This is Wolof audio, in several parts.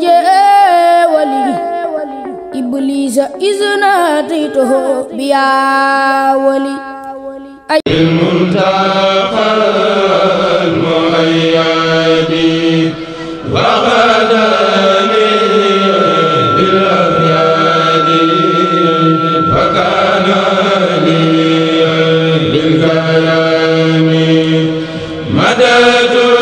jeewali iblisa isnataytuhu biya wali Madadu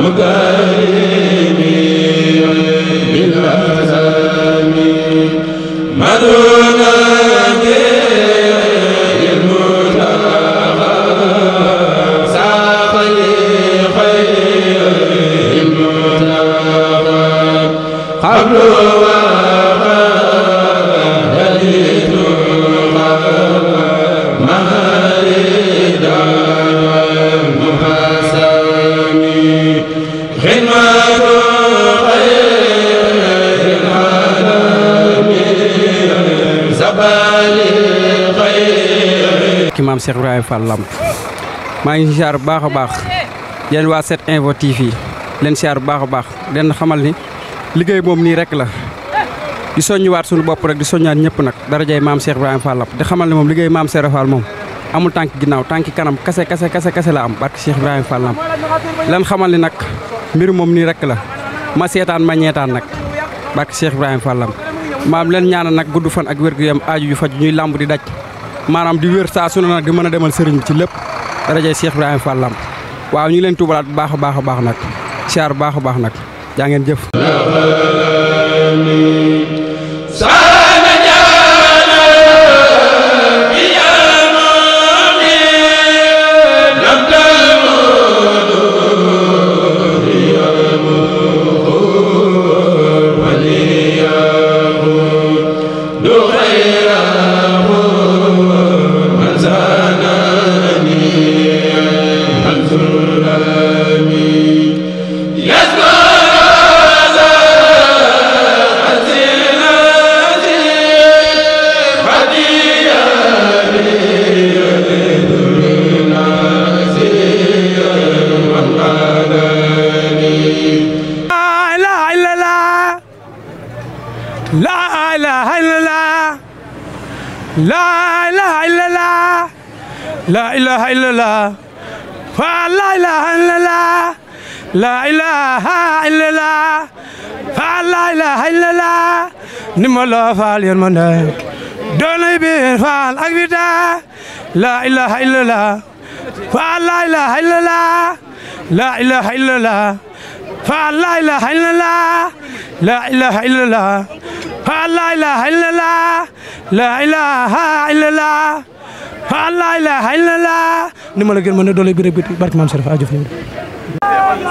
mukarim ci maam Cheikh Ibrahima Fall Lamp maa ngi siyaar bu baax a baax yéen waa 7info TV leen baax a baax leen xamal ni liggéey moom nii rek la di soññiwaat suñu bopp rek di soññaat ñëpp nag darajay maam Cheikh Ibrahima Fall Lamp di xamal ne moom liggéey maam Cheikh Ibrahima Fall moom amul tànk ginnaaw tànk kanam kase kase kase kase la am barke Cheikh Ibrahima Fall Lamp leen xamal ni nag mbir moom nii rek la ma seetaan ma ñeetaan maam leen ñaanal nag gudd fan ak wér yam aaju faj ñuy làmb di daj maanaam di wér saa su ne nag di mën a demal sëriñ bi ci lépp darajay Cheikh Ibrahima Fall Lamp waaw ñu leen tuubalaat bu baax a baax a baax nag siyaar bu baax a baax nag jaa ngeen jëf laa ilaaha illallaah laa ilaaha illallaah laa ilaaha illallaah fa laa ilaaha illallaah laa ilaaha illallaah fa laa ilaaha illallaah ni ma loo faal yéen ma ndey doonay biir faal ak bitaa laa ilaaha illallaah fa laa ilaaha illallaah laa ilaaha illallaah fa laa ilaaha illallaah laa ilaaha illallaah la ilaha illallah la ilaha illallah la ilaha illallah ni ma la gën mën a doole bi rek biti barke maam Serif ajëf ñu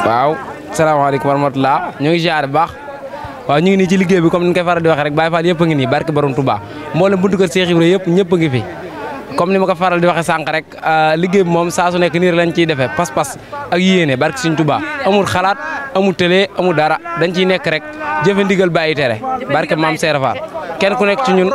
waaw salaamaaleykum wa rahmatulah ñu ngi ziar bu baax waaw ñu ngi nii ci liggéey bi comme ni ñu koy faral di waxee rek Baye Fall yëpp a ngi nii barke Borom Touba mboolem buntu kër Cheikh Ibrahima yëpp ñëpp a ngi fi comme ni ma ko faral di waxee sànq rek euh, liggéey bi moom saa su nekk niir lañ ciy defee pas-pas ak yéene barke Sëriñ Tuubaa amul xalaat amul télé amul dara dañ ciy nekk rek jëfe ndigal bàyyi tere barke maam Serap Fall kenn ku nekk ci ñun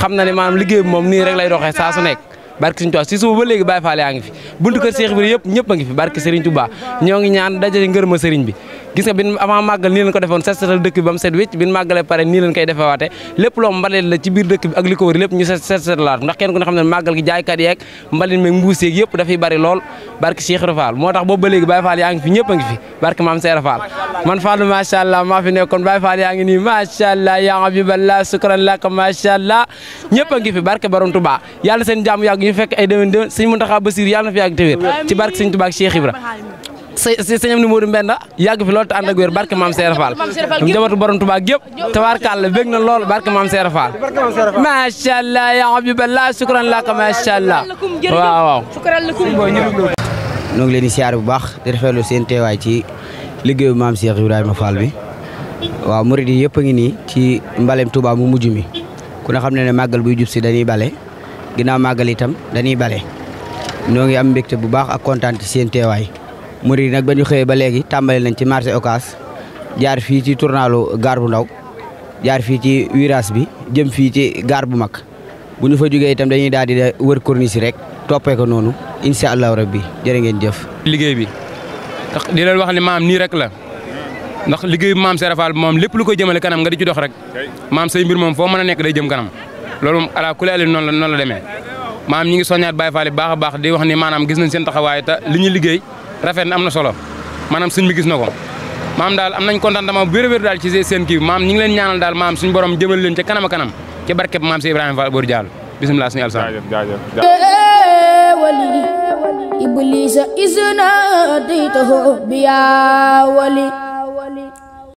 xam na ne maanaam liggéey bi moom nii rek lay doxee saa su nekk. barke Serigne si suba ba léegi Baye Fall yaa ngi fi buntu kër Cheikh bi yëpp ñëpp ngi fi barke Serigne Touba ñoo ngi ñaan dajale ngërëma Serigne bi gis nga bin avant màggal nii leen ko defoon set setal loo mbalit la ci dëkk bi ak li ñu set setalaat ndax kenn ku xam ne màggal gi jaaykat yeeg mbalit meeg mbuus yeeg yëpp dafay bari lool barke Cheikh Ibra Fall moo tax boobu ba léegi Baye yaa ngi fi ñëpp a ngi fi barke maam Cheikh Ibra man Fall macha allah maa fi nekkoon yaa ngi nii macha yaa habiballah sukran lak macha allah ñëpp a ngi fi barke Borom Touba yàlla seen jàmm yàgg ñu fekk si sëñam ni Modou Mbenda yàgg fi loolu te ànd ak wér barke maam Seera Fall njabootu borom Tuubaa gépp tabaarkàlla bég na lool barke maam Seera Fall macha allah yaa habiballah sukran laka ngi leen di siyaar bu baax di seen teewaay ci liggéeyu maam Cheikh Ibrahima Fall bi waaw yëpp a ngi nii ci mbalem Touba mu mujj mi ku ne xam ne màggal buy jub si dañuy bale ginnaaw màggal itam dañuy bale ñoo ngi am mbégte bu baax ak kontaan ci seen teewaay murid nag ba ñu xëyee ba léegi tàmbali nañ ci marché okaas jaar fii ci tournalu gaar bu ndaw jaar fii ci virage bi jëm fii ci gaar bu mag bu ñu fa jógee itam dañuy daal di wër corniche rek toppee ko noonu incha allahu rabbi jërë ngeen jëf. liggéey bi tax di leen wax ne maam nii rek la ndax liggéey bi maam Serafal moom lépp lu koy jëmale kanam nga di ci dox rek maam say mbir moom foo mën a nekk day jëm kanam loolu moom ala kulli noonu la noonu la demee maam ñi ngi soññaat baax wax ni maanaam gis nañ seen taxawaay te li ñuy liggéey rafet na am na solo maanaam suñ bi gis na ko maam daal am nañ contentement bu wér a wér daal ci seen kii maam ñi ngi leen ñaanal daal maam suñu borom jëmal leen ca kanam a kanam ci barkeb maam si Ibrahima Fall Boor Diallo bisimilah suñu alsan wali wali